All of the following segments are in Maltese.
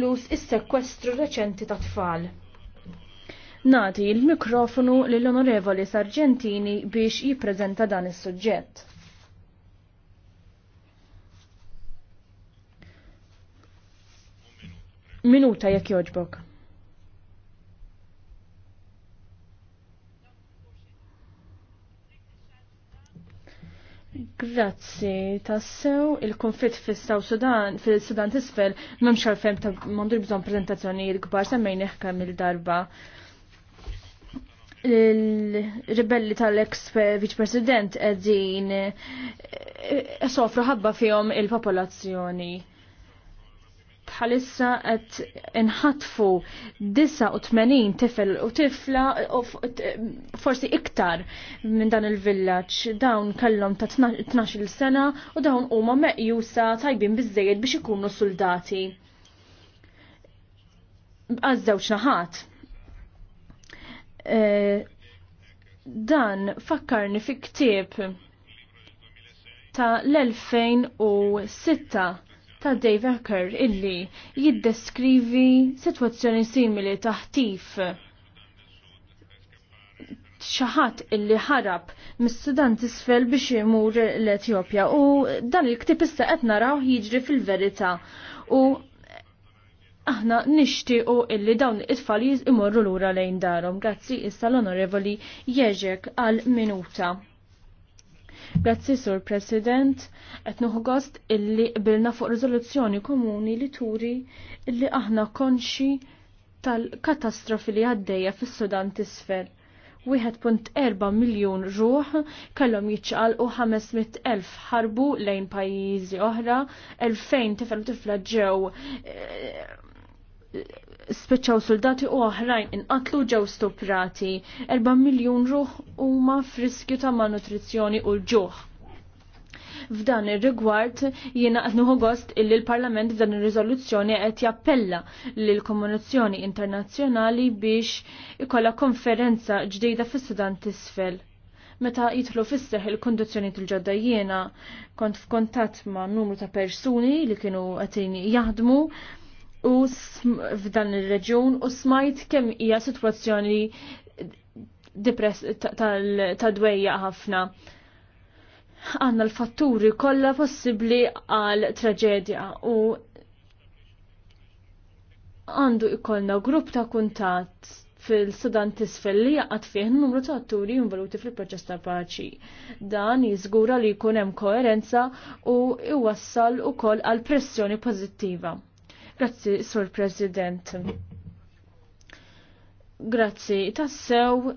lus is-sekwestru reċenti ta' tfal. Nati il-mikrofonu lill-Onorevoli Sargentini biex jippreżenta dan is-suġġett. Minuta jekk joġbok. Grazzi, tassew il-konflitt fis-Saw Sudan, fil-Sudan tisfel, memx għalfem ta' mandur bżon prezentazzjoni li kbar semmejn iħkam il-darba. Il-ribelli tal-ex viċ-president edin eh, eh, sofru ħabba fihom il-popolazzjoni bħalissa qed inħatfu 89 tifel u tifla u forsi iktar minn dan il-villaġġ dawn kellhom ta' 12 sena u dawn huma meqjusa tajbin biżejjed biex ikunu soldati. għaż naħat. Eh, dan fakkarni fi ktieb ta' l-2006 ta' Dave Acker illi jiddeskrivi situazzjoni simili taħtif. ħtif xaħat illi ħarab mis-Sudan tisfel biex imur l-Etjopja u dan il-ktib issa qed naraw jiġri fil-verità u aħna nixtiequ illi dawn it-tfal imorru lura lejn darhom. Grazzi issa l-Onorevoli Jeġek għal minuta. Grazzi sur President, qed nuħu gost illi qbilna fuq riżoluzzjoni komuni li turi illi aħna konxi tal-katastrofi li għaddejja fis-Sudan tisfel. 1.4 miljon ruħ kellhom u 500,000 ħarbu lejn pajjiżi oħra, 2000 tifel tifla ġew eh, spiċċaw soldati u oħrajn inqatlu ġew stuprati, 4 miljun ruħ huma friskju ta' malnutrizzjoni u l-ġuħ. F'dan ir-rigward jiena qed gost illi l-Parlament f'dan ir-riżoluzzjoni qed jappella lil komunizzjoni internazzjonali biex ikolla konferenza ġdida fis-Sudan t'isfel. Meta jitlu fisseħ il-kondizzjoni tal-ġodda jiena kont f'kontatt ma' numru ta' persuni li kienu qed jaħdmu u f'dan il-reġun u smajt kemm hija sitwazzjoni tal-dwejja ħafna. Għanna l-fatturi kollha possibbli għal traġedja u għandu ikollna grupp ta' kuntatt fil-Sudan tisfel li jaqat fih numru ta' atturi involuti fil-proċess ta' paċi. Dan jiżgura li jkun hemm koerenza u iwassal ukoll għal pressjoni pożittiva. Grazzi, Sur President. Grazzi, tassew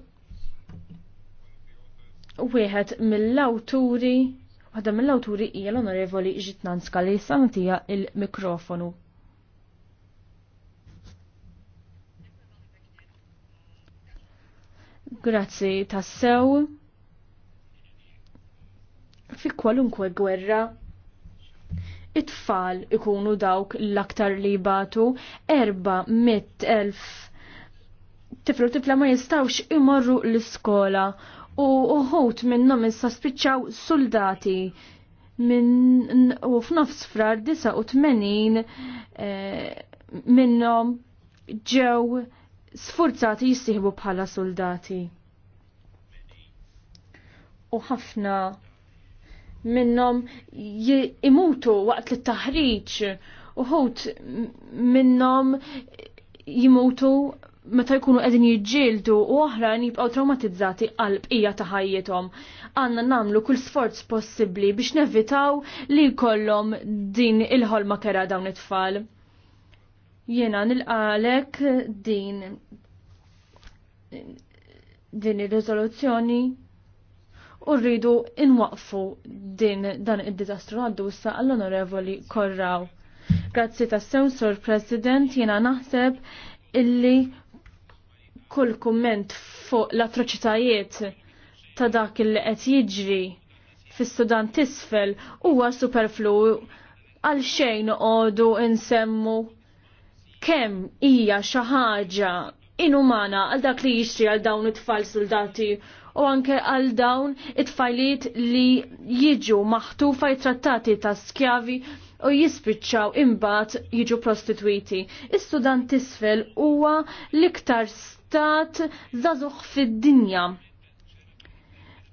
wieħed mill-awturi Waħda mill-awturi hija l-Onorevoli ġitnan li sanatija il-mikrofonu. Grazzi tassew fi kwalunkwe gwerra it-tfal ikunu dawk l-aktar li batu erba tifru tifla ma jistawx imorru l-iskola u uħut minnom spiċċaw soldati minn u f'nofs frar 89 eh, minnom ġew sfurzati jistihbu bħala soldati. U ħafna minnom imutu waqt t taħriġ uħut minnhom jimutu meta jkunu qegħdin jiġġieldu u oħra jibqgħu traumatizzati għal bqija ta' ħajjithom. Għandna nagħmlu kull sforz possibbli biex nevitaw li jkollhom din il-ħolma kera dawn it-tfal. Jiena nilqalek din din ir-riżoluzzjoni u rridu inwaqfu din dan id-dizastru għaddu sa għall-onorevoli korraw. Grazzi ta' sew, President, jena naħseb illi kull komment fuq l-atroċitajiet ta' dak il qed jiġri fis-Sudan tisfel huwa superflu għal xejn għodu insemmu kemm hija xi ħaġa inumana għal dak li jixtri għal dawn it-tfal soldati u anke għal dawn it-tfajliet li jiġu maħtufa jtrattati ta' skjavi u jispiċċaw imbagħad jiġu prostituiti. Is-Sudan tisfel huwa l-iktar stat żagħżugħ fid-dinja.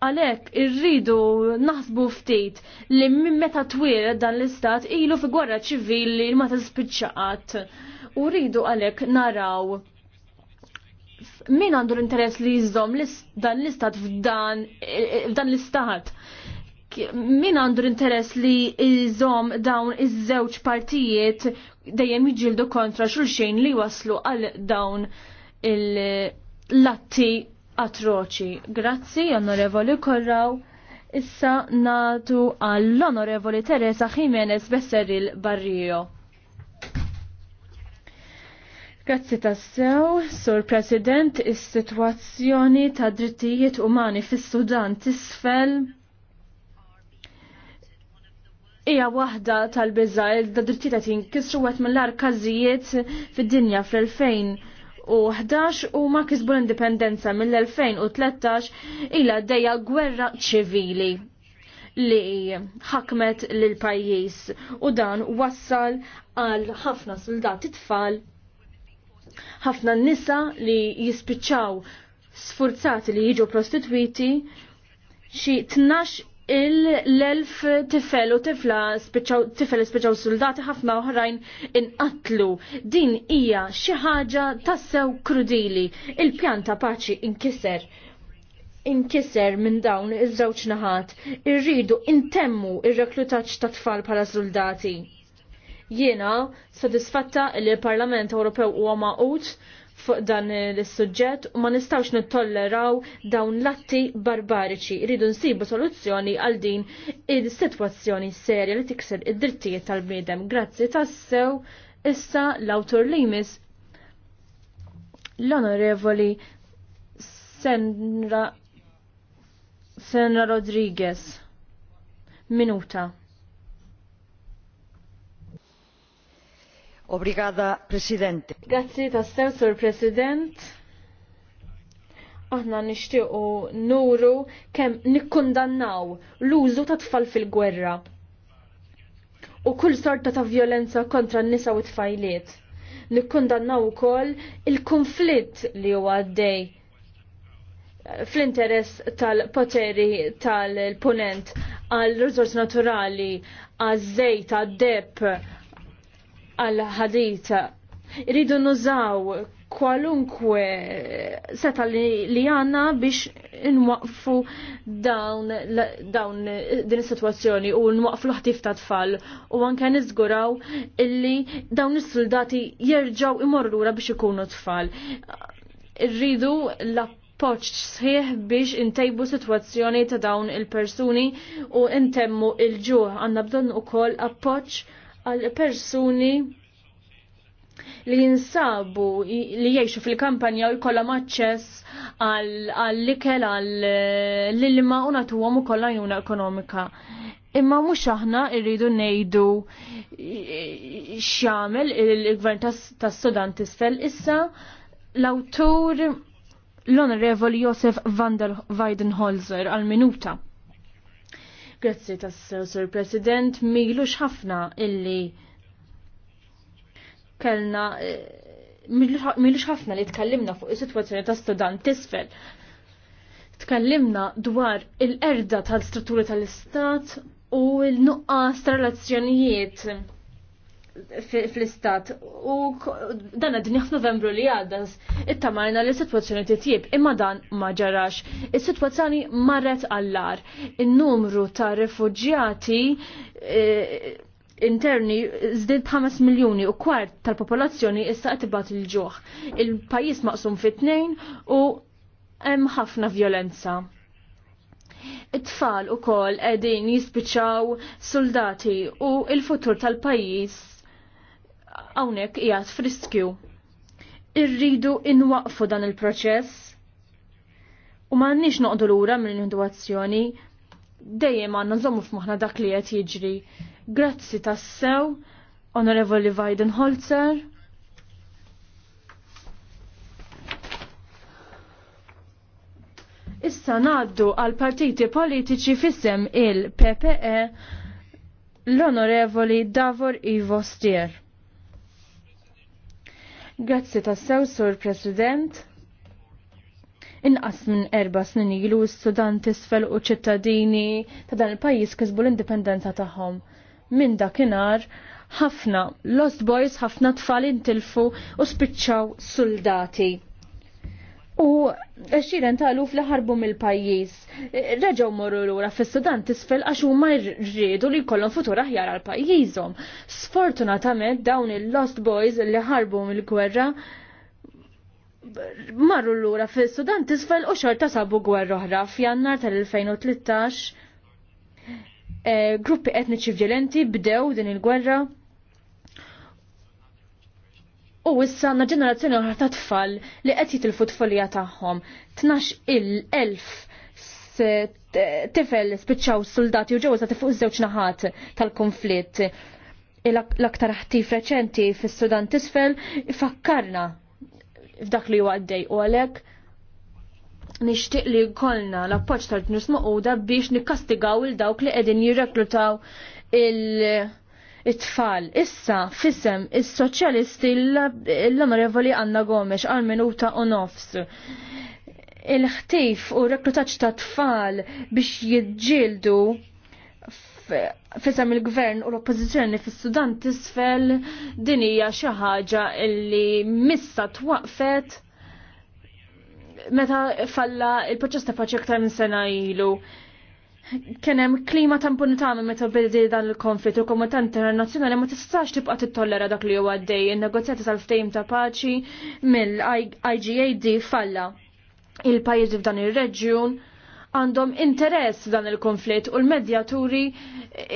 Għalhekk irridu naħsbu ftit li minn meta twil dan l-istat ilu fi gwerra ċivili ma tispiċċaqat. U rridu għalhekk naraw min għandu l-interess li jizdom dan l-istat f'dan l-istat? Min għandu l-interess li jizdom dawn iż-żewġ partijiet dejjem jiġildu kontra xulxin li waslu għal dawn il-latti atroċi. Grazzi, onorevoli Korraw. Issa natu għall-onorevoli Teresa Jimenez Besseril Barrio. Grazzi tassew, Sur President, is-sitwazzjoni ta' drittijiet umani fis-Sudan tisfel hija waħda tal-biża da drittijiet qed jinkisru wieħed mill-ar każijiet fid-dinja fl-2011 u ma kisbu l-indipendenza mill-2013 ila dejja gwerra ċivili li ħakmet lil pajjiż u dan wassal għal ħafna soldati tfal ħafna n nisa li jispiċċaw sfurzati li jiġu prostitwiti, xi tnax il-elf tifel u tifla spiċaw, tifel spiċaw soldati ħafna oħrajn inqatlu. Din hija xi ħaġa tassew krudili. Il-pjanta paċi inkiser inkiser minn dawn iż-żewġ naħat, irridu intemmu ir-reklutaġġ ta' tfal bħala soldati. Jiena sodisfatta li l-Parlament Ewropew huwa maqut fuq dan is-suġġett u ma nistgħux nittolleraw dawn l-atti barbariċi. Rridu nsibu soluzzjoni għal din il-sitwazzjoni serja li tikser id-drittijiet tal-bniedem. Grazzi tassew issa l-awtur li jmiss l-onorevoli Senra Senra Rodriguez. Minuta. Obrigada, Presidente. Grazzi tassew, Sur President. Aħna nixtiequ nuru kemm nikkundannaw l-użu ta' tfal fil-gwerra u kull sorta ta' violenza kontra n-nisa u tfajliet. fajliet Nikkundannaw ukoll il-konflitt li huwa għaddej fl-interess tal-poteri tal-ponent għal riżors naturali, għaż-żejt, għad għal ħadita. Rridu nużaw kwalunkwe seta li, li għanna biex nwaqfu dawn, dawn din situazzjoni u nwaqfu l-ħtif ta' tfal u anke nizguraw illi dawn is-soldati jerġaw imorrura biex ikunu tfal. Rridu l appoċ sħiħ biex intejbu situazzjoni ta' dawn il-persuni u intemmu il-ġuħ għanna u ukoll appoċ għal persuni li jinsabu li jiexu fil-kampanja u jkollhom aċċess għall-ikel għall-ilma u nagħtuhom ukoll għajnuna ekonomika. Imma mhux aħna rridu ngħidu x'jagħmel il-Gvern tas-Sudan Tistel issa l-awtur l onorevol Josef Van Weidenholzer għal-minuta. Grazzi tas Sur President, milux ħafna illi kellna eh, milux ħafna li tkallimna fuq is-sitwazzjoni ta' student tisfel. Tkallimna dwar il-erda tal-strutturi tal-istat u l-nuqqas tal-relazzjonijiet fl-istat u dan għadni f'Novembru li għadda it-tamarna li situazzjoni titjib imma dan ma ġarax. Is-situazzjoni marret għallar. Il-numru ta' refugjati e, interni zdid 5 miljoni u kwart tal-popolazzjoni issa qed il ġuħ Il-pajjiż maqsum fit-tnejn u hemm ħafna violenza it-tfal u kol edin soldati u il-futur tal-pajis hawnhekk qiegħed friskju. Irridu inwaqfu dan il-proċess u m'għandniex noqdu lura mill induazzjoni dejjem għandna nżommu f'moħħna dak li qed jiġri. Grazzi tassew, Onorevoli Weidenholzer. Issa naddu għal partiti politiċi fissem il-PPE l-Onorevoli Davor Ivo Stier. Grazzi tassew, Sur President. Inqas minn erba snin ilu studenti sfel tisfel u ċittadini ta' dan il-pajjiż kisbu l-indipendenza tagħhom. Minn dakinhar ħafna Lost Boys ħafna tfal intilfu u spiċċaw soldati. U xiren talu fl-ħarbu mill-pajis. Reġaw morru l-ura fil-Sudan tisfel għax huma rridu li kollon futur aħjar għal pajjiżhom. Sfortunatament dawn il-Lost Boys li ħarbu mill-gwerra marru l-ura fil-Sudan tisfel u xorta sabu gwerra oħra f'jannar tal-2013. Eh, gruppi etniċi violenti bdew din il-gwerra U issa għandna ġenerazzjoni oħra ta' tfal li qed jitilfu tfulija tagħhom. Tnax il-elf tifel spiċċaw soldati u ġewwa sa iż-żewġ naħat tal-konflitt. L-aktar ħtif reċenti fis-Sudan tisfel fakkarna f'dak li huwa għaddej u għalhekk nixtieq li jkollna l-appoġġ tal-ġnus maquda biex nikkastigaw il dawk li qegħdin jirreklutaw il- it-tfal. Issa fissem is-soċjalisti l-onorevoli Anna Gomes għal minuta u nofs il-ħtif u reklutaċ ta' tfal biex jidġildu fisem il-gvern u l-oppozizjoni fis-Sudan tisfel din hija xi ħaġa li missa twaqfet meta falla il-proċess ta' faċi aktar minn sena ilu kienem klima ta' impunità minn meta bidi dan il-konflitt u komunità internazzjonali ma tistax tibqa' tittollera dak li huwa għaddej. In-negozjati tal-ftehim ta' paċi mill-IGAD falla. Il-pajjiżi f'dan ir-reġjun għandhom interess dan il-konflitt u l-medjaturi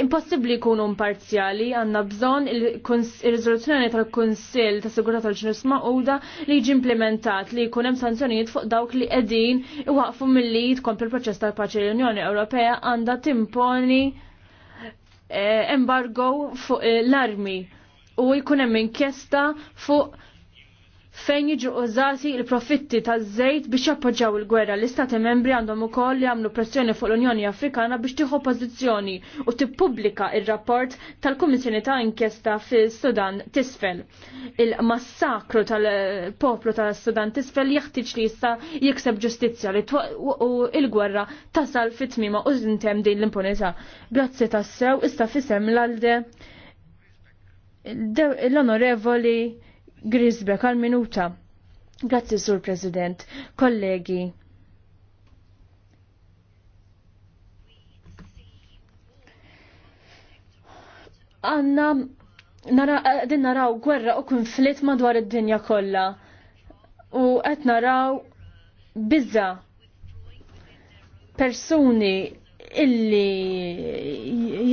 impossibbli jkunu imparzjali għandna bżonn ir-riżoluzzjoni tal-Kunsill ta' Sigurtà tal-Ġnus Maquda li jiġi implementat li jkun hemm sanzjonijiet fuq dawk li qegħdin iwaqfu milli tkompli l-proċess tal-paċi l-Unjoni Ewropea għandha timponi eh, embargo fuq l-armi u jkun hemm inkjesta fuq fejn jiġu użati il-profitti taż-żejt biex jappoġġaw il-gwerra. L-istati membri għandhom ukoll li għamlu pressjoni fuq l-Unjoni Afrikana biex tieħu pożizzjoni u tippubblika ir-rapport tal-Kummissjoni ta' inkjesta fis-Sudan t'isfel. Il-massakru tal-poplu tas-Sudan t'isfel jeħtieġ li jista' jikseb ġustizzja li u il-gwerra tasal fit-tmima u żintem din l-impunità. Grazzi tassew issa fisem l-alde l-onorevoli Grisbeck għal minuta. Grazzi, Sur President, kollegi. Għanna, din naraw gwerra u konflitt madwar id-dinja kollha. U qed naraw bizza persuni illi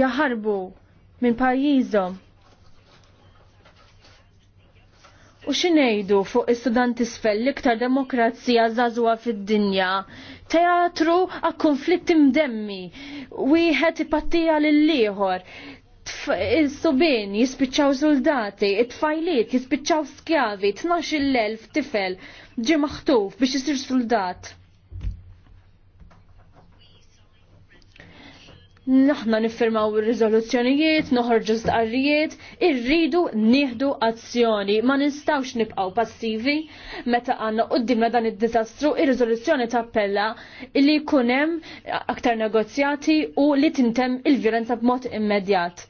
jaħarbu minn pajjiżhom U xinejdu fuq istudenti sfel liktar demokrazija zazwa fid-dinja? Teatru għak konflitt imdemmi, wieħed ipattija lill-ieħor. Is-subin jispiċċaw soldati, it-tfajliet jispiċċaw skjavi, 12.000 tifel ġie maħtuf biex isir soldat. naħna niffirmaw ir-riżoluzzjonijiet, noħorġu stqarrijiet, irridu nieħdu azzjoni. Ma nistawx nibqgħu passivi meta għandna qudiemna dan id-diżastru, ir-riżoluzzjoni tappella li jkun hemm aktar negozjati u li tintem il-vjolenza b'mod immedjat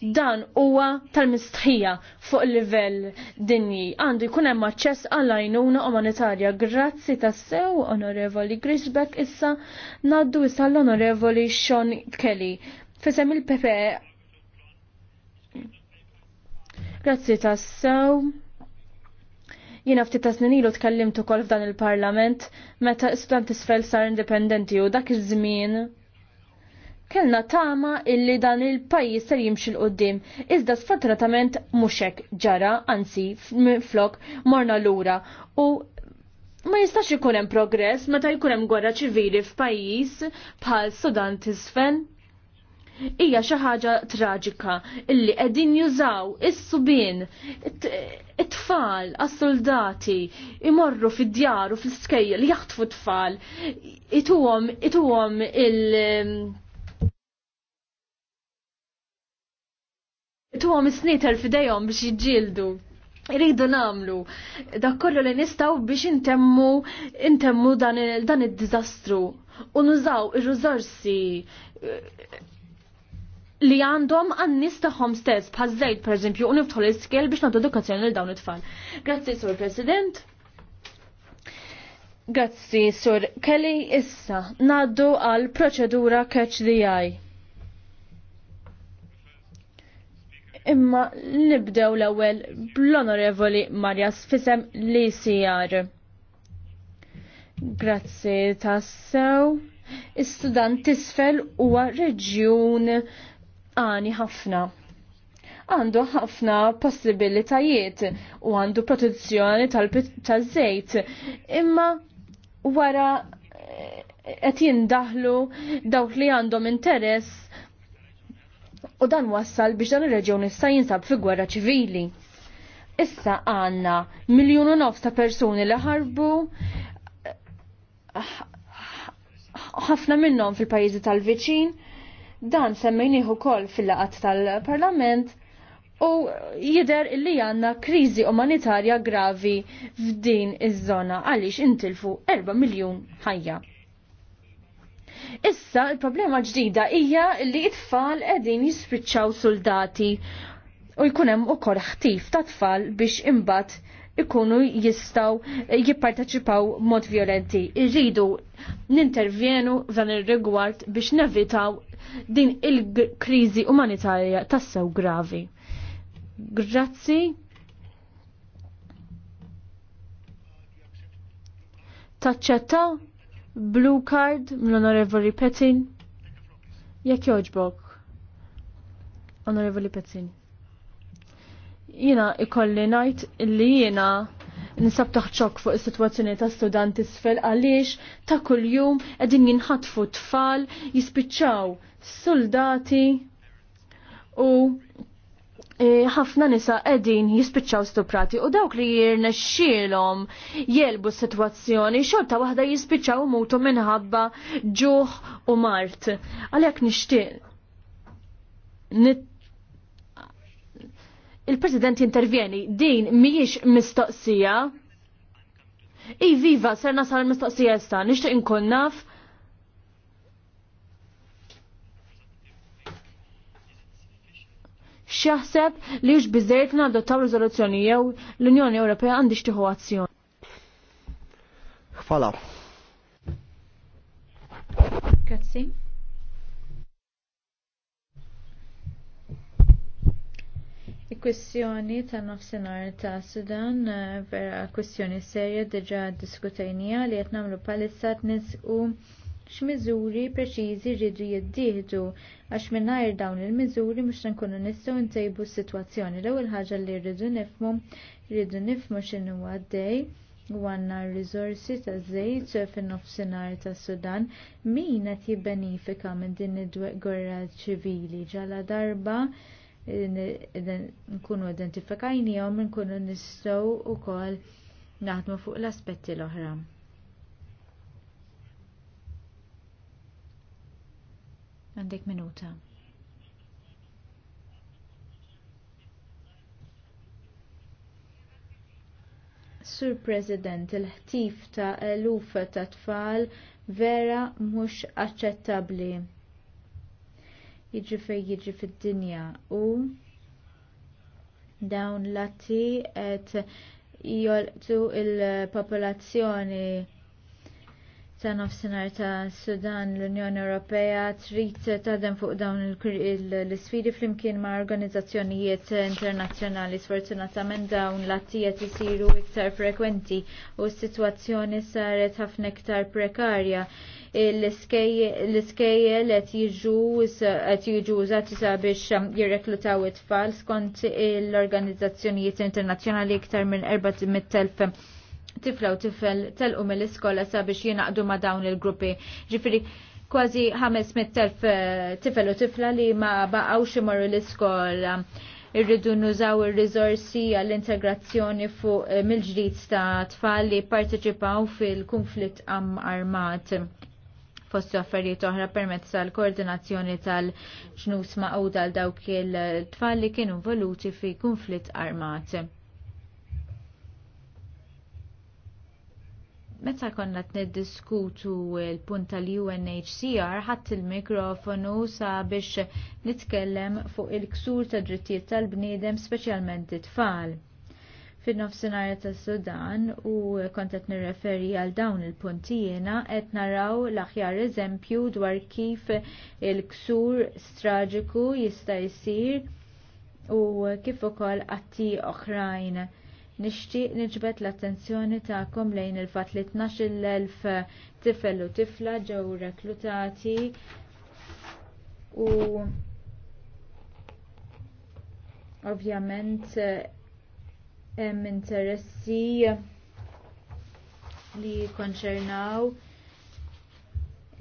dan huwa tal-mistħija fuq livell dinji. Għandu jkun hemm aċċess għal għajnuna umanitarja. Grazzi tassew, onorevoli Grisbeck, issa naddu issa l-onorevoli Sean Kelly. Fisem il-Pepe. Grazzi tassew. Jiena ftit ta' snin ilu tkellimt ukoll f'dan il-Parlament meta istant sfel sar indipendenti u dak iż-żmien kellna tama illi dan il-pajjiż ser jimxil qoddim. Iżda sfortunatament mhux hekk ġara, anzi flok morna lura u ma jistax ikun hemm progress meta jkun hemm gwerra ċivili f'pajjiż bħal Sudan t'isfen hija xi ħaġa traġika illi qegħdin jużaw is subin it-tfal as soldati imorru fid djaru u fl-iskejjel jaħtfu tfal ituhom ituhom il- tuħom sniter fidejhom biex jġildu. Rridu namlu. Dak kollu li nistaw biex intemmu intemmu dan, dan id-dizastru. U nużaw ir-rizorsi eh, li għandhom għannis taħħom stess bħazzejt per eżempju u niftħol iskel biex nagħtu edukazzjoni lil dawn it-tfal. Grazzi Sur President. Grazzi Sur Kelly issa ngħaddu għal proċedura catch the eye. Imma nibdew l-ewwel bl-Onorevoli Marja Sfisem li sijar. Grazzi tassew. Is-Sudan tisfel huwa reġjun għani ħafna għandu ħafna possibilitajiet u għandu protezzjoni tal-żejt. Imma wara eh, qed jindaħlu dawk li għandhom interess u dan wassal biex dan ir-reġjun issa jinsab fi gwerra ċivili. Issa għanna miljun u nofs ta' persuni li ħarbu ħafna minnhom fil-pajjiżi tal-viċin dan semmejnieħu ukoll fil-laqat tal-Parlament u jider illi għanna kriżi umanitarja gravi f'din iż-żona għaliex intilfu 4 miljun ħajja. Issa il-problema ġdida hija li t-tfal qegħdin jispiċċaw soldati u jkun hemm ukoll ħtif ta' tfal biex imbagħad ikunu jistaw jipparteċipaw mod violenti. Irridu nintervjenu f'dan ir-rigward biex nevitaw din il-kriżi umanitarja tassew gravi. Grazzi. Taċċettaw? Blue card mill-Onorevoli Petin. Jekk joġbok. Onorevoli Petin. Jina ikolli najt li jina nisab taħċok fuq is-sitwazzjoni ta' studenti sfel għaliex ta' kuljum qegħdin jinħatfu tfal jispiċċaw soldati u E, ħafna nisa edin jispiċċaw stuprati u dawk li jirnexxielhom jelbu s-sitwazzjoni xorta waħda jispiċċaw mutu minħabba ġuħ u mart. Għalhekk nixtieq il-President intervjeni din mhijiex mistoqsija. I viva sarna nasal mistoqsija sta, nixtieq inkun naf x'jaħseb li hux biżejjed adottaw nadottaw riżoluzzjoni jew l-Unjoni Ewropea għandi xtiħu azzjoni. Fala. Grazie. Il-kwestjoni ta' nofsinhar ta' Sudan eh, vera kwestjoni serja diġa diskutajnija li qed nagħmlu palissa tnisqu x'miżuri preċiżi rridu jittieħdu għax mingħajr dawn il-miżuri mhux nkunu nistgħu ntejbu s-sitwazzjoni. L-ewwel ħaġa li rridu nifhmu rridu nifhmu x'inhu għaddej u għanna r-riżorsi ta' żejt fin-nofsinhar tas Sudan min qed jibbenifika minn din id-gwerra ċivili ġala darba nkunu identifikajnijom nkunu nistgħu wkoll naħdmu fuq l-aspetti l-oħra. Għandek minuta. Sur President, il-ħtif ta' eluf ta' tfal vera mhux aċċettabbli. Jiġi fej jiġi fid-dinja u dawn l-atti qed jolqtu il-popolazzjoni ta' nofsinhar ta' Sudan l-Unjoni Ewropea trid taħdem fuq dawn l-isfidi flimkien ma' organizzazzjonijiet internazzjonali sfortunatament dawn l-attijiet isiru iktar frekwenti u s-sitwazzjoni saret ħafna iktar prekarja l-iskejjel qed jiġu użati sabiex jirreklutaw it-tfal skont l-organizzazzjonijiet internazzjonali iktar minn 400,000 tifla u tifel telqu mill-iskola sabiex jinaqdu ma' dawn il-gruppi. Ġifiri, kważi 500.000 eh, tifel u tifla li ma' baqaw imorru l-iskola irridu nużaw ir rizorsi għall-integrazzjoni fuq eh, mill-ġdid ta' tfal li parteċipaw fil-konflitt am armat fost affarijiet oħra permezz tal-koordinazzjoni tal-ġnus ma' dawk il-tfal li kienu voluti fi konflitt armat. meta konna t-niddiskutu l-punta li UNHCR ħadd il-mikrofonu sabiex nitkellem fuq il-ksur ta' drittijiet tal-bniedem speċjalment it-tfal. Fin-nofsinhar ta' Sudan u kont qed nirreferi għal dawn il-puntijiena qed naraw l-aħjar eżempju dwar kif il-ksur straġiku jista' jsir u kif ukoll atti oħrajn Nixtieq niġbed l-attenzjoni tagħkom lejn il-fatt li 12,000 tifel u tifla ġew reklutati u ovvjament eh, hemm interessi li konċernaw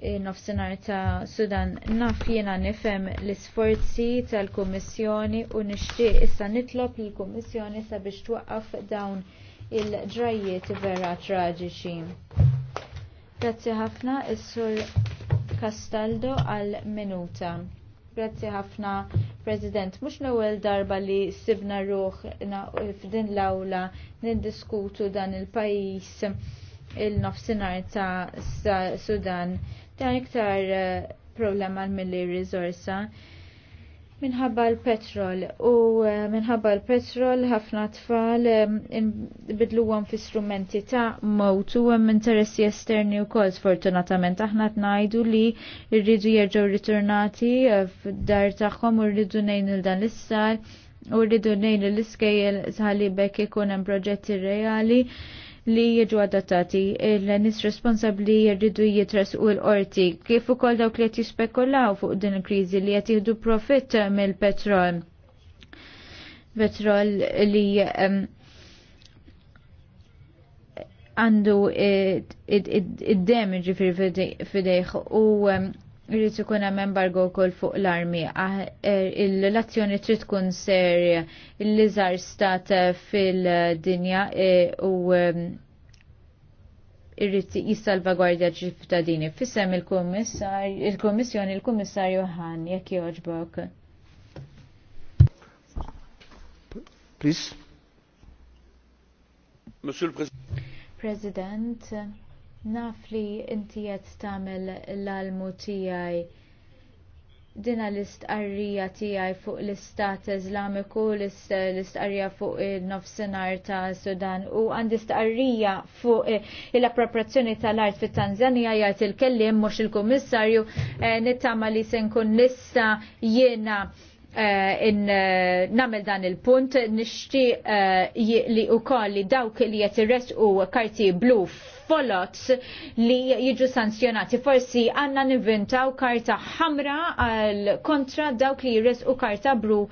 nofsinhar ta' Sudan naf jiena nifhem l-isforzi tal-Kummissjoni u nixtieq issa nitlob lill-Kummissjoni sabiex twaqqaf dawn il-ġrajiet vera traġiċi. Grazzi ħafna is-Sur Castaldo għal minuta. Grazzi ħafna President, mhux l-ewwel darba li sibna ruħna f'din l-awla niddiskutu dan il-pajjiż il-nofsinhar ta' Sudan Dan iktar eh, problema mill-li rizorsa minħabba l-petrol u eh, minħabba l-petrol ħafna tfal eh, bidluwom fi strumenti ta' mot u interessi esterni u kol sfortunatament aħna tnajdu li rridu jerġgħu ritornati f'dar tagħhom u rridu nejn il dan l-issar u rridu nejn l iskejl sħalibek ikun hemm proġetti reali li jiġu adattati il-nis responsabli jirridu u l-qorti kif ukoll dawk li qed jispekulaw fuq din il-kriżi li qed jieħdu profitt mill-petrol. Petrol li għandu id-damage fidejħ u rrit ikun hemm embargo wkoll fuq l-armi. Ah, er, l azzjoni trid tkun serja l-iżar stat fil-dinja e, u irrid jissalvagwardja ċittadini. Fissem il-kummissar, il-kummissjoni, il-kummissar Johan, jekk joġbok. Please. Monsieur le Président. President Naf li inti qed tagħmel l-almu tiegħi dina l-istqarrija tiegħi fuq l-Istat Iżlamiku, l-istqarrija fuq il-nofsinhar ta' Sudan u għandi istqarrija fuq il eh, appropriazzjoni tal-art fit tanzania jgħid il kelli mhux il-Kummissarju eh, nittama li se nkun nista jiena Eh, in eh, namel dan il-punt nishti eh, li u koll li dawk li jett u karti blu folots li jiġu sanzjonati. Forsi għanna nivintaw karta ħamra għal kontra dawk li jirres u karta blu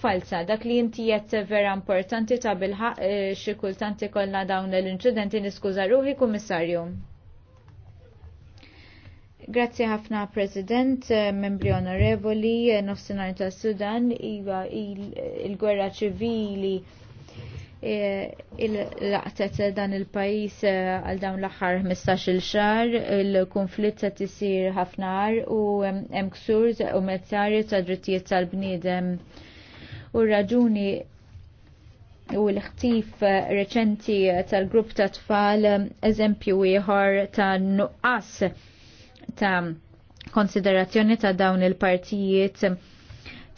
falsa. Dak li inti jett vera importanti ta' bilħa xikultanti kollha dawn l incidenti niskuża ruħi, kummissarju. Grazzi ħafna President, eh, membri onorevoli, eh, nofsenar ta' Sudan, iva il-gwerra ċivili eh, il-laqtet dan il-pajis għal dawn l-axar 15 xar, il-konflitt ta' tisir ħafnar u hemm ksur u mezzari ta' drittijiet tal-bniedem. U raġuni u l-ħtif reċenti tal-grupp ta' tfal eżempju ieħor ta' nuqqas ta' konsiderazzjoni ta' dawn il-partijiet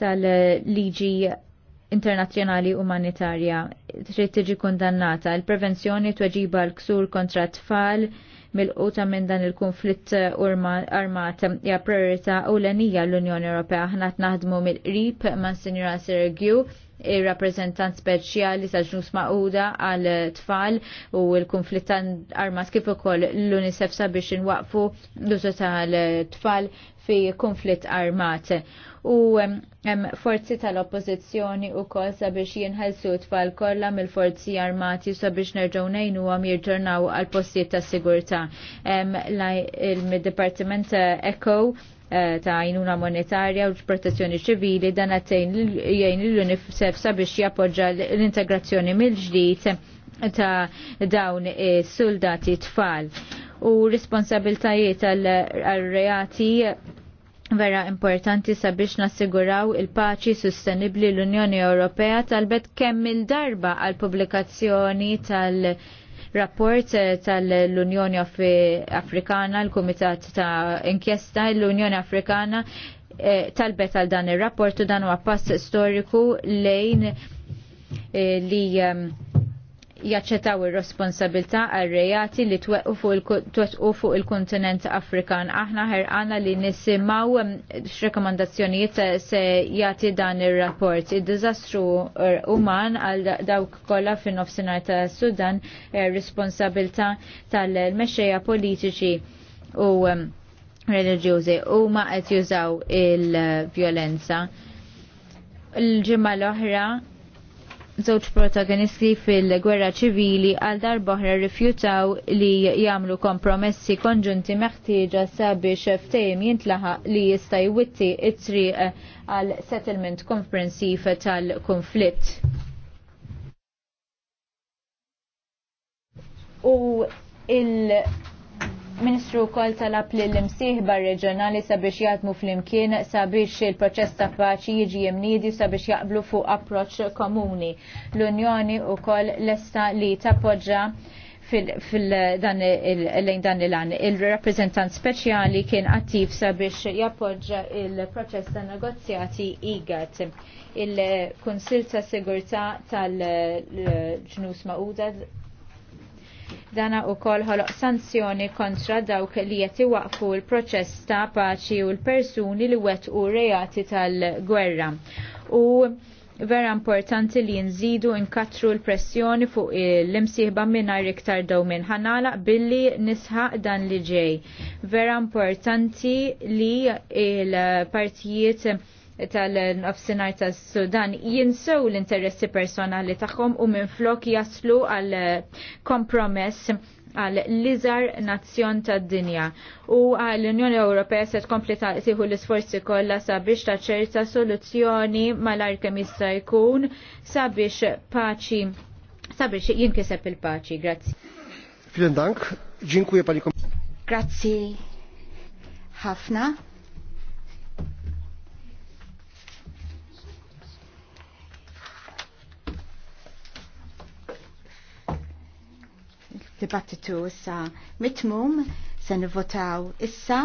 tal-liġi internazzjonali umanitarja trid tiġi kundannata il-prevenzjoni tweġiba l-ksur kontra tfal mill-quta minn dan il-konflitt armat hija priorità ewlenija l-Unjoni Ewropea. Aħna naħdmu mill-qrib ma' Sinjora Sergju il rappreżentant speċjali tal-ġnus maquda għal tfal u l-konflitt ta' armas kif ukoll l-UNICEF sabiex inwaqfu l-użu tal-tfal fi konflitt armat. U hemm forzi tal-oppożizzjoni wkoll sabiex jinħelsu tfal kollha mill-forzi armati sabiex nerġgħu ngħinuhom jirġornaw għal postijiet ta' sigurtà. Hemm il-Dipartiment Eko Eh, ta' għajnuna monetarja u l protezzjoni ċivili dan għattejn jgħin l-UNICEF sabiex jappoġġa l-integrazzjoni mill-ġdid ta' dawn soldati tfal u responsabiltajiet għal-reati vera importanti sabiex nassiguraw il-paċi sostenibli l-Unjoni Ewropea talbet kemm il-darba għal-publikazzjoni tal- rapport eh, tal-Unjoni Afrikana, l-Kumitat ta' Inkjesta, l-Unjoni Afrikana eh, talbet għal dan il-rapport u dan huwa pass storiku lejn eh, li ehm, jaċċettaw ir-responsabilità għal rejati li twettqu fuq il-kontinent Afrikan. Aħna ħerqana li nisimaw um, x'rekomandazzjonijiet se jagħti dan ir-rapport. Id-diżastru er, uman għal dawk kollha fin-nofsinhar ta' Sudan eh, responsabilità tal-mexxejja politiċi u um, reliġjużi huma qed jużaw il-vjolenza. Il-ġimgħa l-oħra żewġ protagonisti fil-gwerra ċivili għal darboħra rifjutaw li jagħmlu kompromessi konġunti meħtieġa sabiex ftehim jintlaħaq li jista' jwitti it-triq għal settlement komprensiv tal-konflitt. U il- Ministru kol talab li l-imsiħba reġjonali sabiex jadmu fl-imkien sabiex il-proċess ta' paċi jiġi jimnidi sabiex jaqblu fuq approċ komuni. L-Unjoni u kol lesta li tappoġġa fil lejn dan il-għan. Il-rappresentant speċjali kien attiv sabiex jappoġġa il-proċess ta' negozjati IGAT. Il-Konsil ta' Sigurta tal-ġnus Mauda Dana u kol ħoloq sanzjoni kontra dawk li jeti waqfu l-proċess ta' paċi u l-persuni li wet u rejati tal-gwerra. U vera importanti li nżidu nkatru l-pressjoni fuq l-imsiħba minnajr iktar daw minn ħanala billi nisħaq dan li ġej. Vera importanti li l-partijiet tal-nofsinar ta' sudan jinsew l-interessi personali tagħhom u minflok jaslu għal eh, kompromess għal l nazzjon tad dinja u għal l-Unjoni Ewropea se tkompli tiħu l-isforzi kollha sabiex ċerta soluzzjoni mal-ar kemm jista' jkun sabiex paċi sabiex jinkiseb il-paċi. Grazzi. Vielen Dank. Dziękuję Grazzi ħafna. dibattitu issa mitmum se nivvotaw issa